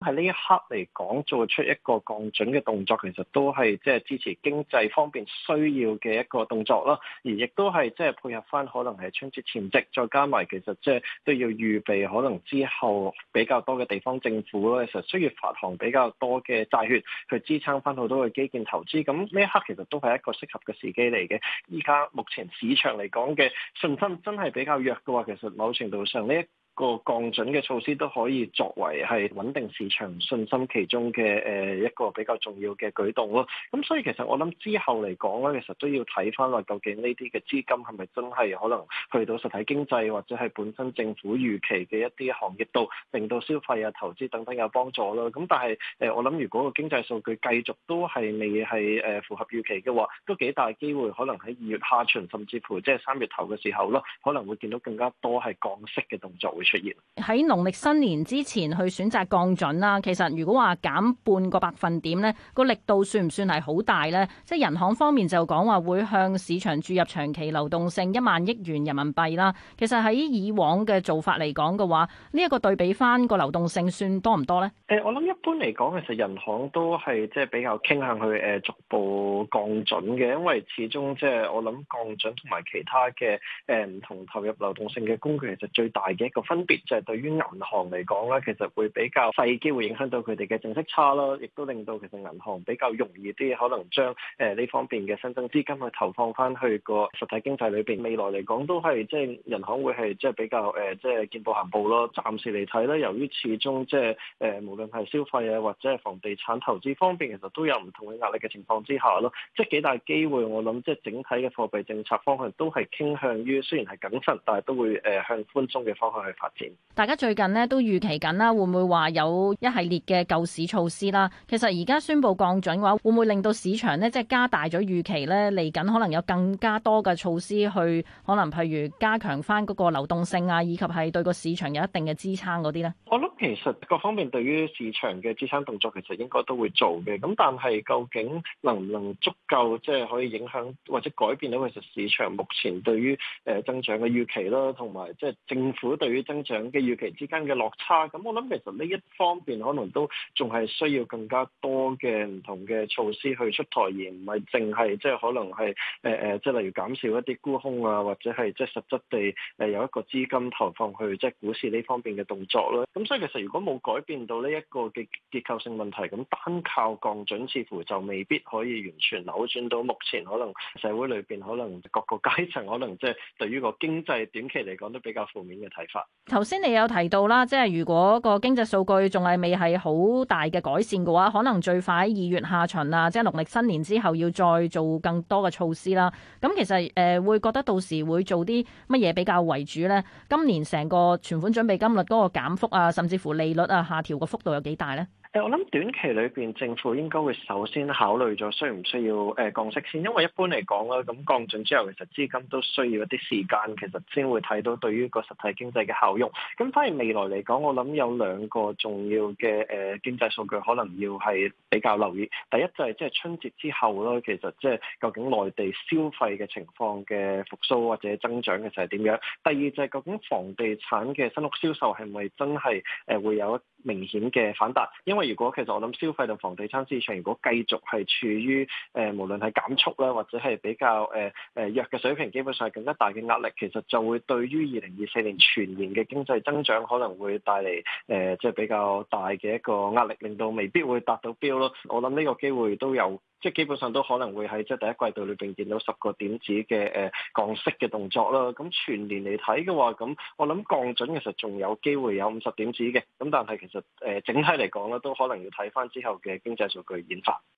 喺呢一刻嚟講，做出一個降準嘅動作，其實都係即係支持經濟方面需要嘅一個動作啦。而亦都係即係配合翻可能係春節前夕，再加埋其實即係都要預備可能之後比較多嘅地方政府咧，其實需要發行比較多嘅債券去支撐翻好多嘅基建投資。咁呢一刻其實都係一個適合嘅時機嚟嘅。依家目前市場嚟講嘅信心真係比較弱嘅話，其實某程度上呢，個降準嘅措施都可以作為係穩定市場信心其中嘅誒一個比較重要嘅舉動咯。咁所以其實我諗之後嚟講咧，其實都要睇翻落究竟呢啲嘅資金係咪真係可能去到實體經濟或者係本身政府預期嘅一啲行業度，令到消費啊、投資等等有幫助咯。咁但係誒，我諗如果個經濟數據繼續都係未係誒符合預期嘅話，都幾大機會可能喺二月下旬甚至乎即係三月頭嘅時候咯，可能會見到更加多係降息嘅動作會出。喺農曆新年之前去選擇降準啦，其實如果話減半個百分點呢個力度算唔算係好大呢？即係銀行方面就講話會向市場注入長期流動性一萬億元人民幣啦。其實喺以往嘅做法嚟講嘅話，呢一個對比翻個流動性算多唔多呢？誒，我諗一般嚟講，其實銀行都係即係比較傾向去誒逐步降準嘅，因為始終即係我諗降準同埋其他嘅誒唔同投入流動性嘅工具，其實最大嘅一個。分別就係對於銀行嚟講咧，其實會比較細機會影響到佢哋嘅淨息差咯，亦都令到其實銀行比較容易啲，可能將誒呢方面嘅新增資金去投放翻去個實體經濟裏邊。未來嚟講都係即係銀行會係即係比較誒即係見步行步咯。暫時嚟睇咧，由於始終即係誒無論係消費啊或者係房地產投資方面，其實都有唔同嘅壓力嘅情況之下咯，即係幾大機會。我諗即係整體嘅貨幣政策方向都係傾向於雖然係謹慎，但係都會誒向寬鬆嘅方向去。發展，大家最近咧都預期緊啦，會唔會話有一系列嘅救市措施啦？其實而家宣布降準嘅話，會唔會令到市場呢？即係加大咗預期呢？嚟緊可能有更加多嘅措施去，可能譬如加強翻嗰個流動性啊，以及係對個市場有一定嘅支撐嗰啲呢？我諗其實各方面對於市場嘅支撐動作其實應該都會做嘅，咁但係究竟能唔能足夠即係可以影響或者改變到其實市場目前對於誒增長嘅預期啦，同埋即係政府對於。增長嘅預期之間嘅落差，咁我諗其實呢一方面可能都仲係需要更加多嘅唔同嘅措施去出台，而唔係淨係即係可能係誒誒，即係例如減少一啲沽空啊，或者係即係實質地誒有一個資金投放去即係股市呢方面嘅動作囉。咁所以其實如果冇改變到呢一個嘅結構性問題，咁單靠降準似乎就未必可以完全扭轉到目前可能社會裏邊可能各個階層可能即係對於個經濟短期嚟講都比較負面嘅睇法。頭先你有提到啦，即係如果個經濟數據仲係未係好大嘅改善嘅話，可能最快二月下旬啊，即係農曆新年之後要再做更多嘅措施啦。咁其實誒、呃、會覺得到時會做啲乜嘢比較為主咧？今年成個存款準備金率嗰個減幅啊，甚至乎利率啊，下調個幅度有幾大咧？誒，我諗短期裏邊政府應該會首先考慮咗需唔需要誒降息先，因為一般嚟講咧，咁降準之後其實資金都需要一啲時間，其實先會睇到對於個實體經濟嘅效用。咁反而未來嚟講，我諗有兩個重要嘅誒經濟數據可能要係比較留意。第一就係即係春節之後咯，其實即係究竟內地消費嘅情況嘅復甦或者增長嘅就係點樣？第二就係究竟房地產嘅新屋銷售係咪真係誒會有一明顯嘅反彈？因為因為如果，其實我諗消費同房地產市場如果繼續係處於誒、呃、無論係減速啦或者係比較誒誒、呃呃、弱嘅水平，基本上係更加大嘅壓力，其實就會對於二零二四年全年嘅經濟增長可能會帶嚟誒即係比較大嘅一個壓力，令到未必會達到標咯。我諗呢個機會都有。即係基本上都可能會喺即係第一季度裏邊見到十個點子嘅誒降息嘅動作啦。咁全年嚟睇嘅話，咁我諗降準其實仲有機會有五十點子嘅。咁但係其實誒整體嚟講咧，都可能要睇返之後嘅經濟數據演發。